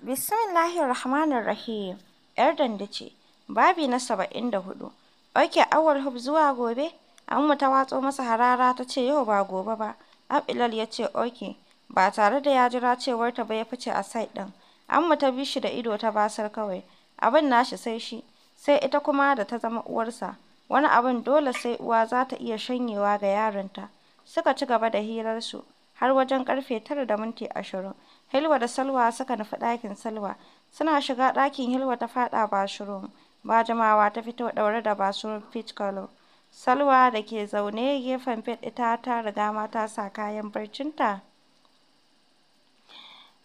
Bismillahirrahmanirrahim. 'Yar danda ce. Babi na saba'in da hudu. Oke awal hub zuwa gobe? Amma ta watso masa harara ta ce yau ba gobe ba. Abilal ya ce oke. Ba tare da ya jira cewar ta ba ya fice a site ɗin. Amma ta bi shi da ido ta basar kawai. Abin nashi sai shi. Sai ita kuma da ta zama uwarsa. Wani abin dole sai uwa za ta iya shanyewa ga yaronta. Suka ci gaba da su har wajen karfe tara da minti ashirin. Hilwa da Salwa suka nufi ɗakin Salwa. Suna shiga ɗakin Hilwa ta faɗa bathroom. Ba jimawa ta fito ɗaure da bathroom peach color. Salwa da ke zaune gefen fit ita ta riga ma ta sa kayan barcinta.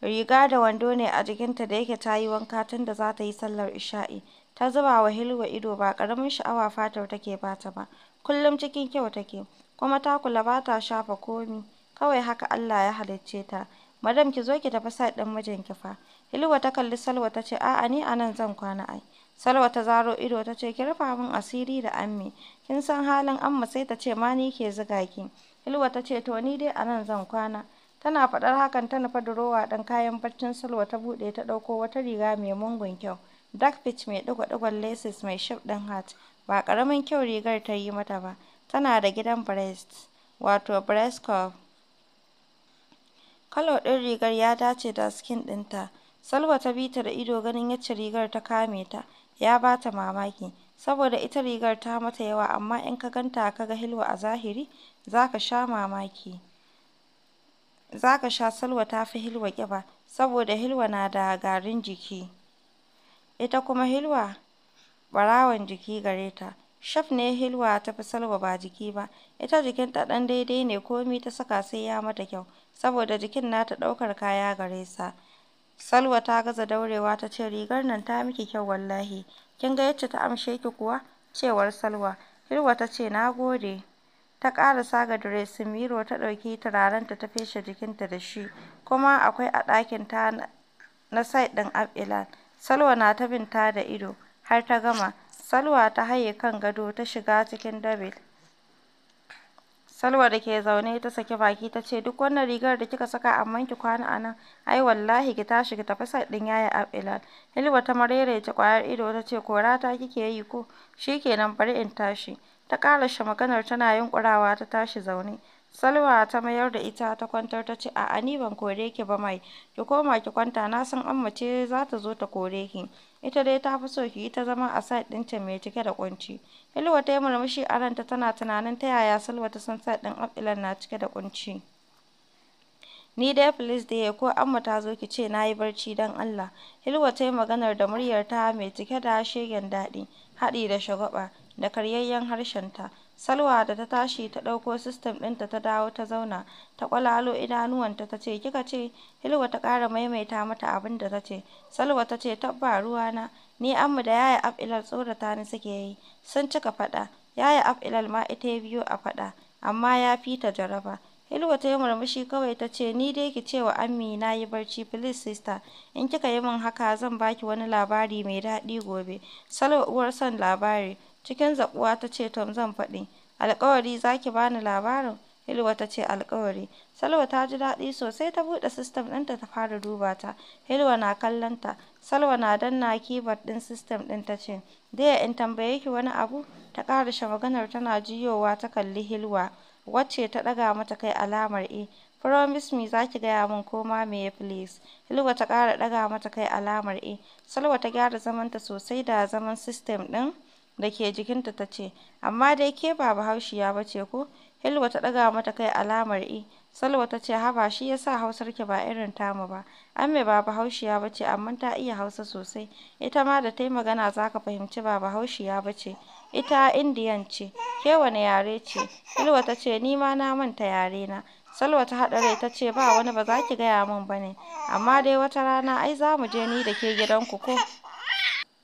Riga da wando ne a jikinta da yake ta yi wanka tun da za ta yi sallar isha'i. Ta zuba wa Hilwa ido ba ƙaramin sha'awa fatar take bata ba. Kullum cikin kyau take, kuma ta kula ba ta shafa komi. Kawai haka Allah ya halicce ta. madam ki zo ki tafi sa ɗan mijinki fa Hilwa ta kalli Salwa ta ce a'a ni anan zan kwana ai Salwa ta zaro ido ta ce ki rufa min asiri da amme kin san halin amma sai ta ce ma ni ke zuga ki Hilwa ta ce to ni dai anan zan kwana tana faɗar hakan ta nufa durowa ɗan kayan barcin Salwa ta buɗe ta ɗauko wata riga mai mungun kyau dark peach mai ɗigo-ɗigon laces mai shif ɗin hat ba ƙaramin kyau rigar ta yi mata ba tana da gidan breast wato breast cuff Kalo ɗin rigar ya dace da skin ɗinta. Salwa ta bi ta da ido ganin yacce rigar ta kame ta, ya ba ta mamaki, saboda ita rigar ta mata yawa amma in ka ganta ka ga Hilwa a zahiri, za ka sha mamaki. Za ka sha Salwa ta fi Hilwa ƙiba, saboda Hilwa na da garin jiki, ita kuma Hilwa ɓarawon jiki gare ta. Shaf ne Hilwa ta fi Salwa ba jiki ba, ita jikinta ɗan daidai ne komi ta saka sai ya mata kyau. saboda jikin nata ɗaukar kaya gare sa. Salwa ta gaza daurewa ta ce rigar nan ta miki kyau wallahi. Kin ga yacce ta amshe ki kuwa? Cewar Salwa. Hirwa ta ce na gode. Ta ƙara ga diresin miro ta ɗauki turarenta ta feshe jikinta da shi. Kuma akwai a ɗakin ta na site ɗin Abilan. Salwa na ta bin ta da ido har ta gama. Salwa ta haye kan gado ta shiga cikin dabil. Salwa da ke zaune ta saki baki ta ce duk wannan rigar da kika saka amma ki kwana a nan ai wallahi ki tashi ki tafi sai din yaya Abilal. Hilwa ta marerece kwayar ido ta ce kora ta kike yi ko shikenan bari in tashi. Ta kara karashe maganar tana yunkurawa ta tashi zaune. Salwa ta mayar da ita ta kwantar ta ce, a'a ni ban kore ki ba Mai, ki koma ki kwanta na san Amma ce za ta zo ta kore ki. Ita dai ta fi so ki yi ta zama a side ɗinta mai cike da kunci. Hilwa ta murmushi a ranta tana tunanin ta yaya Salwa ta san side ɗin Afilan na cike da kunci. Ni dai please dai ko Amma ta zo ki ce nayi barci dan Allah. Hilwa ta yi maganar da muryar ta mai cike da shegen daɗi, haɗi da shagwaɓa da karyayyen harshen ta. Salwa da ta tashi ta ɗauko sistim ɗinta ta dawo ta zauna, ta ƙwalalo idanuwanta ta ce, kika ce? Hilwa ta ƙara maimaita mata abin da ta ce. Salwa ta ce, tabba ruwana, ni amma da yaya Af'ilal tsorata ni suke yi, sun cika faɗa, yaya Af'ilal ma ita biyu a faɗa, amma ya fi ta jaraba. Hilwa ta yi murmushi kawai ta ce, Ni dai ki ce wa Ammi na yi barci, please sister, in kika yi min haka zan baki wani labari mai daɗi gobe. Salwa uwar son labari. Cikin zabuwa ta ce, Tom, zan faɗi. Alƙawari zaki bani labarin? Hilwa ta ce, alƙawari. Salwa ta ji daɗi sosai ta buɗe sistem ɗinta ta fara duba ta. Hilwa na kallon ta. Salwa na danna keyboard ɗin system ɗin ta ce, Daya in tambaye ki wani abu? Ta sha maganar tana jiyowa ta kalli Hilwa, wacce ta ɗaga mata kai alamar E. Promise me za ki gaya min koma ya please. Hilwa ta ƙara ɗaga mata kai alamar E. Salwa ta gyara zamanta sosai da zaman system ɗin. da ke jikinta ta ce, amma dai ke ba Bahaushiya ba ce ko? Hilwa ta ɗaga mata kai alamar i. E. Salwa ta ce haba shi ya sa Hausar ki ba irin tamu ba. An mai ba Bahaushiya ba ce amma ta iya Hausa sosai. Ita ma da ta yi magana za ka fahimci ba Bahaushiya ba ce. Ita Indiyan ce. Ke wane yare ce? Hilwa ta ce ni ma na manta yare na. Salwa ta haɗa rai ta ce ba wani ba za ki gaya min ba ne. Amma dai wata rana ai za mu je ni da ke gidanku ko?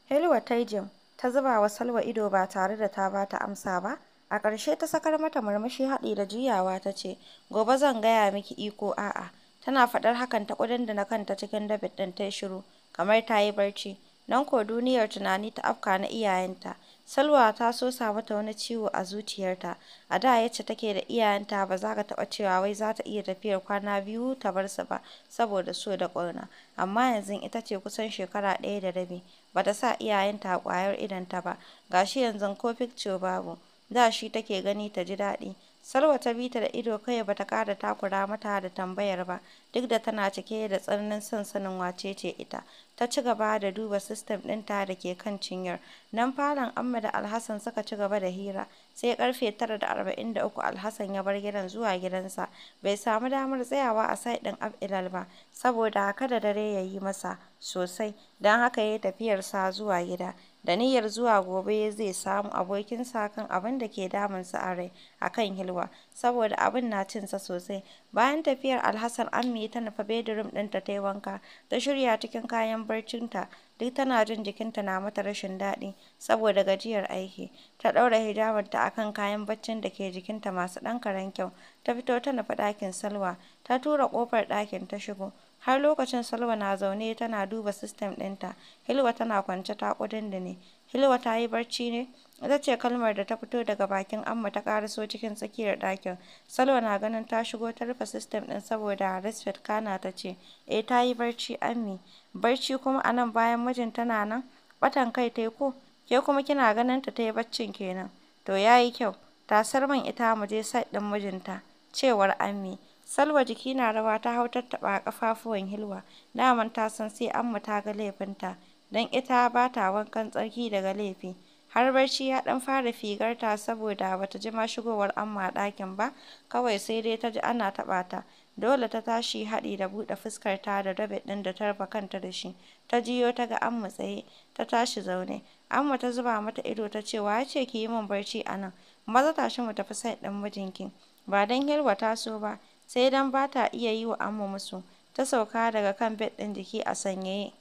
Hilwa ta yi jim. ta zuba wa Salwa ido ba tare da ta ba ta amsa ba. A ƙarshe ta sakar mata murmushi haɗi da juyawa ta ce, Gobe zan gaya miki iko a'a. Tana faɗar hakan ta da na kanta cikin dabit ɗin ta shiru, kamar ta yi barci. Nan ko duniyar tunani ta afka na iyayenta, Salwa ta so sosa mata wani ciwo a zuciyarta. A da yacce take da iyayenta ba za ka taɓa cewa wai za ta iya tafiyar kwana biyu ta bar su ba saboda so da ƙauna. Amma yanzu ita ce kusan shekara ɗaya da rabi ba ta sa iyayenta a ƙwayar idonta ba. Ga shi yanzu ko picture babu. Da shi take gani ta ji daɗi. Salwa ta bi ta da ido kawai bata kada takura mata da tambayar ba, duk da tana cike da tsananin son sanin wace ce ita. Ta ci gaba da duba sistem ɗinta da ke kan cinyar. Nan falon Amma da Alhassan suka ci gaba da hira, sai karfe 9:43 da Alhassan ya bar gidan zuwa gidansa. Bai samu damar tsayawa a site ɗin Ab'ilal ba, saboda kada dare yayi masa sosai, don haka ya yi tafiyarsa zuwa gida. da niyyar zuwa gobe zai samu abokinsa kan abin da ke damunsa a rai a kan Hilwa, saboda abin na cinsa sosai. Bayan tafiyar Alhassan Ammi ta nufa bedroom ɗinta ta yi wanka, ta shirya cikin kayan barcinta, duk tana jin jikinta na mata rashin daɗi saboda gajiyar aiki. Ta ɗaura hijabarta a kan kayan barcin da ke jikinta masu ɗan karen kyau, ta fito ta nufa ɗakin Salwa, ta tura ƙofar ɗakin ta shigo. Har lokacin Salwa na zaune tana duba sistem ɗinta, Hilwa tana kwance ta da ne Hilwa ta yi barci ne? Ita ce kalmar da ta fito daga bakin Amma ta ƙaraso cikin tsakiyar ɗakin. Salwa na ganin ta shigo ta rufe sistem ɗin saboda Respect Kana ta ce, "Eh ta yi barci Ammi, barci kuma a nan bayan mijin tana nan? Ɓatan kai ta yi ko? Ke kuma kina ganin ta ta yi baccin kenan? To ya yi kyau, tasar man ita mu je site ɗin mijinta." Cewar Ammi. Salwa jiki na rawa ta hau tattaɓa ƙafafuwan Hilwa, daman ta san sai Amma ta ga laifinta, don ita ba ta wankan tsarki daga laifi. Har barci ya ɗan fara figarta saboda ba ta ji ma shigowar Amma ɗakin ba, kawai sai dai ta ji ana taɓa ta. Dole ta tashi haɗi da buɗe fuskar ta da rabe ɗin da tarba kanta da shi. Ta jiyo ta ga Amma tsaye, ta tashi zaune. Amma ta zuba mata ido ta ce, "Wa ce ki yi min barci a nan? Maza tashi mu tafi sai ɗin mijinki." Ba don Hilwa ta so ba, sai dan ba ta iya yi wa Ammu musu, ta sauka daga kan bed ɗin jiki a sanyaye.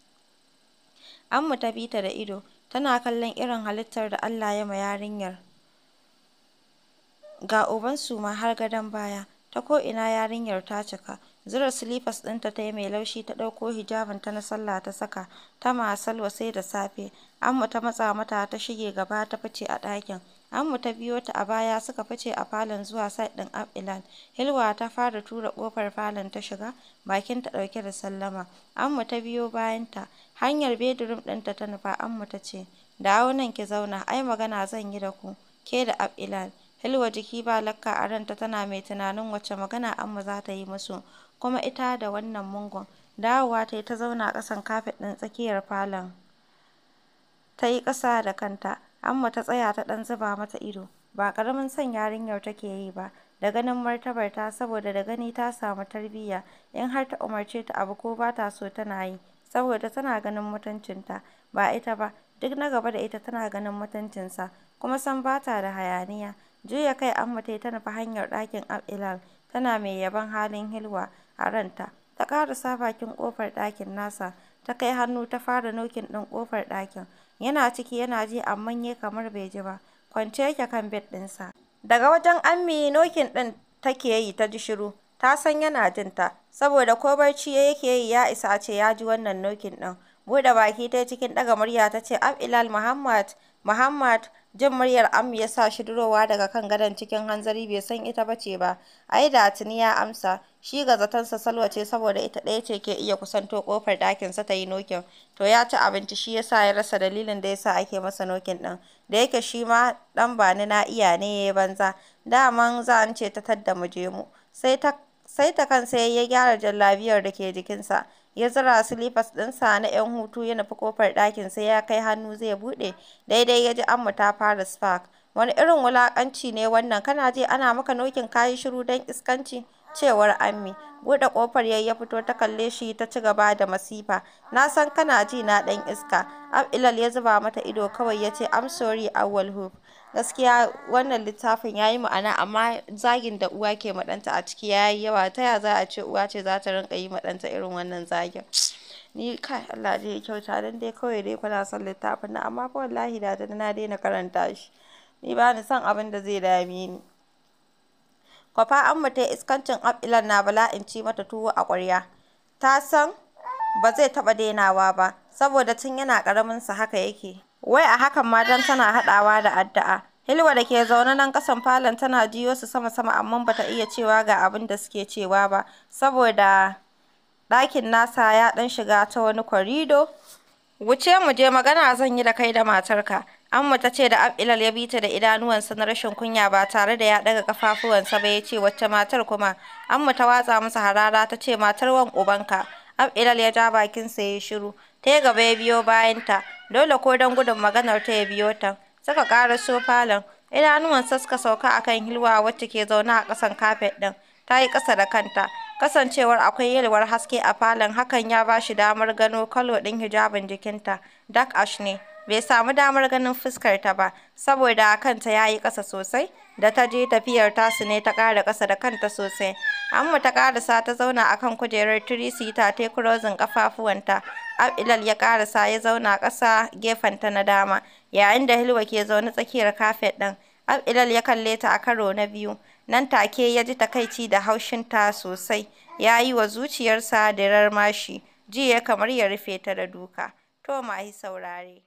Ammu ta bi ta da ido, tana kallon irin halittar da Allah ya ma yarinyar. Ga ubansu ma har gadon baya, ta ko ina yarinyar ta cika. Zura silifas ɗinta ta yi mai laushi ta ɗauko ta na sallah ta saka, ta masalwa sai da safe. Amma ta matsa mata ta shige gaba ta fice a ɗakin. Ammu ta biyo ta a baya suka fice a falon zuwa side ɗin Upland. Hilwa ta fara tura ƙofar falon ta shiga, bakinta ɗauke da sallama. Ammu ta biyo bayanta. Hanyar bedroom ɗinta ta nufa, Ammu ta ce, "Dawo nan ki zauna, ai magana zan yi da ku, ke da Upland." Hilwa jiki ba lakka a ranta tana mai tunanin wacce magana Amma za ta yi musu, kuma ita da wannan mungon. Dawowa ta yi ta zauna a ƙasan kafet ɗin tsakiyar falon. Ta yi ƙasa da kanta. Amma ta tsaya ta ɗan zuba mata ido, ba ƙaramin son yarinyar take yi ba, da ganin martabar ta saboda da gani ta samu tarbiyya, in har ta umarce ta abu ko ba ta so tana yi, saboda tana ganin mutuncinta, ba ita ba, duk na gaba da ita tana ganin mutuncinsa, kuma san ba ta da hayaniya. Juya kai Amma ta yi ta nufi hanyar ɗakin al'ilal tana mai yabon halin Hilwa a ranta. Ta ƙarasa bakin ƙofar ɗakin nasa, ta kai hannu ta fara nokin ɗin ƙofar ɗakin. Yana ciki yana ji amma ya kamar bai ji ba, kwance yake kan bed ɗinsa. Daga wajen Ammi nokin ɗin take yi ta ji shiru, ta san yana jin ta, saboda ko barci yake yi ya isa a ce ya ji wannan nokin ɗin. Buɗe baki ta cikin ɗaga murya ta ce, Ab'ilal Muhammad, Muhammad, Jin muryar Am ya sa shi durowa daga kan gadon cikin hanzari bai san ita ba ce ba. Ai da tuni ya amsa, shi ga zatonsa Salwa ce saboda ita ɗaya ce ke iya kusanto ƙofar ɗakinsa ta yi nokin. To ya ci abinci shi ya sa ya rasa dalilin da ya sa ake masa nokin ɗin. Da yake shi ma ɗan bani na iya ne ya banza. dama za an ce ta tadda mu je mu. Sai ta sai kansa ya gyara jallabiyar da ke jikinsa ya zura silifas sa na 'yan hutu ya nufi kofar ɗakin sai ya kai hannu zai buɗe daidai ya ji amma ta fara spark wani irin wulakanci ne wannan kana je ana maka nokin kayi shiru don iskanci cewar Ammi. Buɗe kofar yayi ya fito ta kalle shi ta ci gaba da masifa. Na san kana ji na ɗan iska. Ab'ilal ya zuba mata ido kawai ya ce I'm sorry Awal Gaskiya wannan littafin ya yi ma'ana amma zagin da uwa ke maɗanta a ciki ya yi yawa ta ya za a ce uwa ce za ta rinƙa yi maɗanta irin wannan zagin. Ni kai Allah dai yi kyauta don dai kawai dai kuna son littafin na amma fa wallahi da na daina karanta shi. Ni ba ni son abin da zai dame ni. Kwafa Amma ta iskancin Ab'ilan na bala'in ci mata tuwo a ƙwarya. Ta san ba zai taɓa dainawa ba, saboda tun yana sa haka yake. Wai a hakan ma don tana haɗawa da addu'a. Hilwa da ke zaune nan ƙasan falon tana jiyo su sama-sama amma bata iya cewa ga abin da suke cewa ba, saboda ɗakin nasa ya ɗan shiga ta wani korido. Wuce mu je magana zan yi da kai da matarka. Amma ta ce da Abilal ya bi ta da idanuwansa na rashin kunya ba tare da ya daga kafafuwansa ba ya ce wacce matar kuma. Amma ta watsa masa harara ta ce matar wan ubanka. Abilal ya ja bakin sa ya shiru. Ta yi gaba ya biyo ta Dole ko don gudun maganar ta ya biyo ta. Suka ƙaraso falon. Idanuwansa suka sauka akan hilwa wacce ke zaune a ƙasan kafet ɗin. Ta yi ƙasa da kanta. kasancewar akwai yalwar haske a falon hakan ya ba shi damar gano kalo ɗin hijabin jikinta dak ash ne bai samu damar ganin fuskar ta ba saboda kanta ya yi ƙasa sosai da ta je tafiyar tasu ne ta ƙara ƙasa da kanta sosai amma ta ƙarasa ta zauna akan kujerar tirisita ta kurozin ƙafafuwanta abilal ya ƙarasa ya zauna ƙasa gefenta na dama yayin da hilwa ke zaune tsakiyar kafet ɗin abilal ya kalle ta a karo na biyu nan take ya ji takaici da haushinta sosai ya yi wa zuciyarsa dirar mashi ji ya kamar ya rufe ta da duka to ma saurare